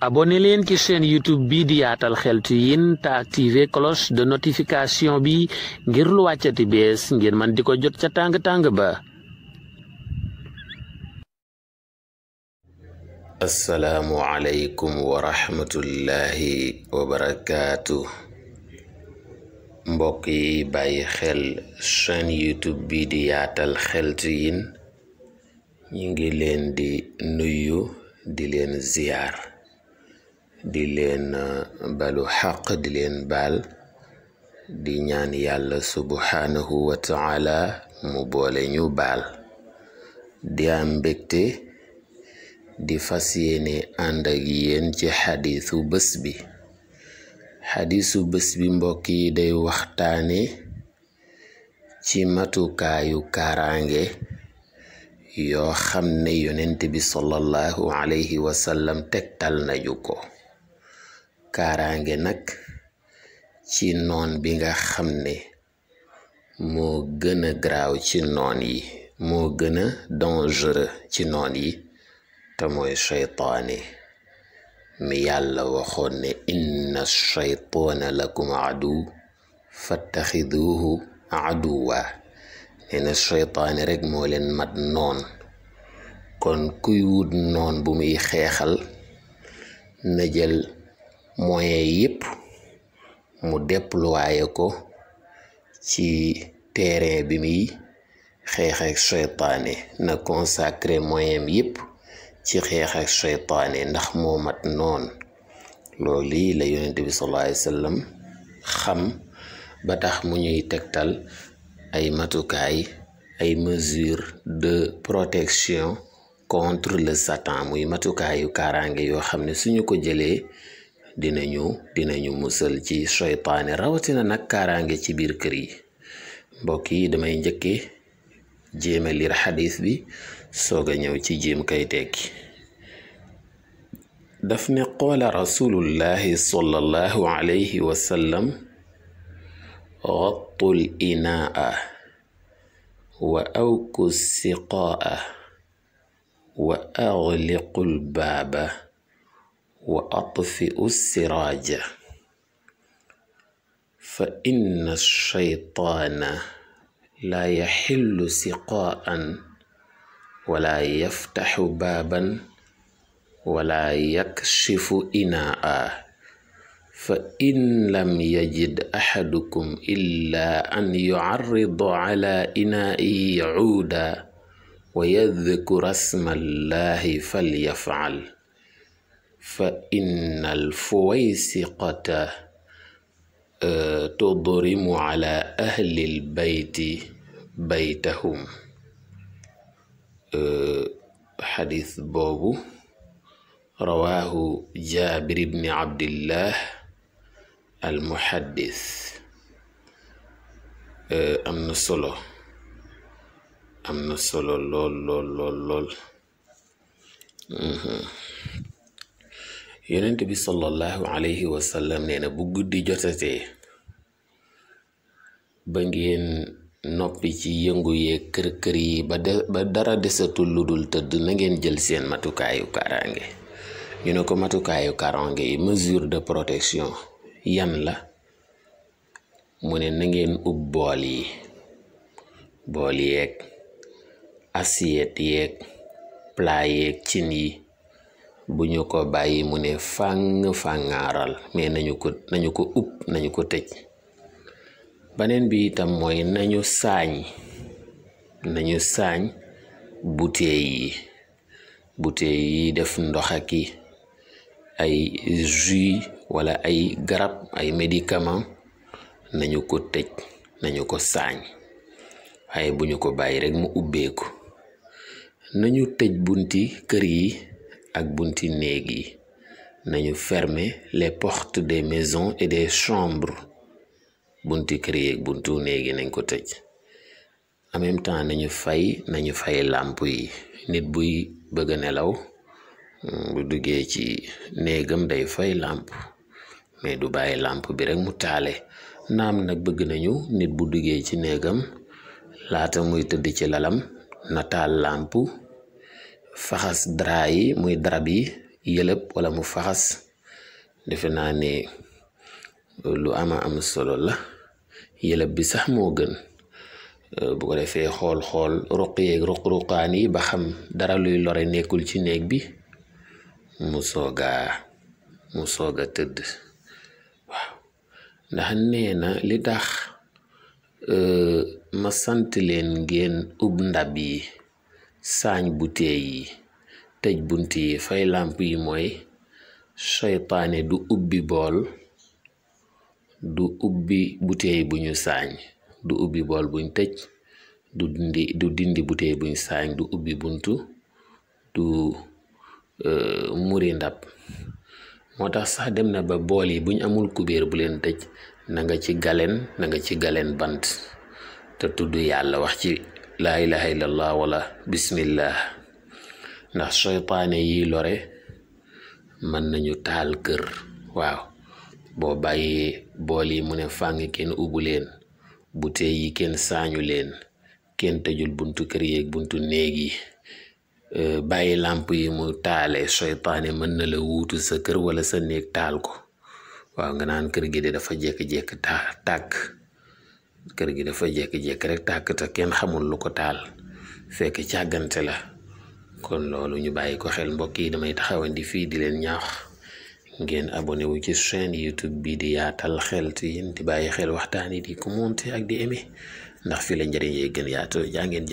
abonné leen ci chaîne youtube bii di yaatal xeltu yin te activé cloche de notification bi ngir lu wàccati bees ngir man di ko jot ca tàng-tàng ba asalaamu aleykum wa rahmatullahi wa barakaatu mbokk yi bàyyi xel chaîne youtube bi di yaatal xeltu yin ñu ngi leen di nuyu di leen ziyaar di leen uh, balu xaq di leen baal di ñaan yàlla subhaanahu wa taala mu boole ñu bal di am mbégte di fas yéene ànd ak yéen ci xadiisu bés bi xadiisu bés bi mbokk yi day waxtaane ci matukaayu kaaraange yoo xam ne yonent bi sallallahu alayhi wa sallam tegtal nañu ko kaaraange nag ci noon bi nga xam ne moo gëna a garaaw ci noon yi moo gëna a dangereux ci noon yi te mooy seytaane mi yàlla waxoon ne inna seytaana lakum adu fattaxiduhu aduwa nee na seytaane rek moo leen mat noon kon kuy wut noon bu muy xeexal na jël moyen yépp mu déployé ko ci terrain bi muy xeex ak seytaane na consacré moyen yépp ci xeex ak ndax moo mat noon loolu yi la yonent bi sallallahu alayhi xam ba tax mu ñuy tegtal ay matukaay ay mesures de protection contre le satan muy matukaayu kaaraange yoo xam ne suñu ko jëlee dinañu dinañu musal ci soytaane rawatina nag kaaraange ci biir kër yi mbokk yi damay njëkke jéema liir bi soog a ñëw ci jéem kay tekki daf ne qaala rasulullahi sallallahu alayhi wasallam xattul inaa wa awku siqaa wa agliqul baaba wa atfiu siraaja fa inna shaytaana laa yaxillu siqaa'an walaa yaftaxu baaban walaa yakshifu inaa'a fa in lam yajid axadukum illaa an yucarrida calaa inaa'ihi cuudan wa yadkura sma allaahi falyafcal فإن الفويسقة تضرم على أهل البيت بيتهم xadis boobu rawaahu jaabir ibni abdillah al muhaddis e, am na solo am na solo lool lool lool lool mhm. yonent bi sallallahu alayhi wa sallam bu guddi jotatee ba ngeen noppi ci yëngu yee kër kër yi ba dara desatul lu dul tëdd na ngeen jël seen matukaayu kaaraange ñu ne ko matukaayu kaaraange yi mesure de protection yan la mu ne na ngeen ub bool yi bool yeeg assiette yeeg plat yeeg cin yi bu ñu ko bàyyi mu ne fàng fàngaaral mais nañu ko nañu ko upp ko tëj beneen bi itam mooy nañu saañ nañu saañ bouteille yi bouteille yi def ndox ak i ay jus wala ay garab ay médicament nañu ko tëj nañu ko saañ waaye bu ñu ko bàyyi rek mu ubbeeku nañu tëj bunti kër yi ak bunti néeg yi nañu ferme les portes de maisons et des chambres bunti kër yi ak buntu néeg nañ ko tëj en même temps nañu fay nañu fay làmp yi nit buy bëgg nelaw mm, bu duggee ci néegam day fay làmp mais du bàyyi làmp bi rek mu taale naam nag bëgg nañu nit bu duggee ci néegam laata muy tëdd ci lalam na taal làmp faxas dara yi muy darab yi yëlëb wala mu faxas defe naa ne lu ama am solo la yëlëb bi sax moo gën euh, bu ko defee xool-xool ruq yeeg ruq-ruqaan yi ba xam dara luy lore nekkul ci néeg bi mu soogaa mu sooga tëdd ndax nee na li tax euh, ma sant leen ngeen ub ndab yi saañ butee yi tëj bunt yi fay làmp yi mooy soypaane du ubbi bool du ubbi buteey buñu saañ du ubbi bool buñ tëj du dindi du dindi buteey buñ saañ du ubbi buntu du euh, muri ndab moo tax sax dem na ba bool yi buñ amul kubéer bu leen tëj na nga ci galen na ci galeen bant te tudd yàlla wax ci laa ilaha illallah wala bismillah ndax seytaane yi lore mën nañu taal kër waaw boo bàyyee bool yi mu ne fàng kenn ubu leen buteel yi kenn saañu leen kenn tëjul buntu kër yeeg buntu néeg yi bàyyi làmp yi mu taale seytaane mën na la wuutu sa kër wala sa néeg taal ko waaw nga naan kër gi de dafa jekk-jekk ta tàkk kër gi dafa jékki-jékki rek tàkk te kenn xamul lu ko taal fekk càggante la kon loolu ñu bàyyi ko xel mbokk yi damay taxawandi fii di leen ñaax ngeen abonewu ci chaîne YouTube bi di yaatal xeltiin di bàyyi xel waxtaan yi di commenter ak di aimer ndax fi la njëriñ yee gën yaatoo jaa ngeen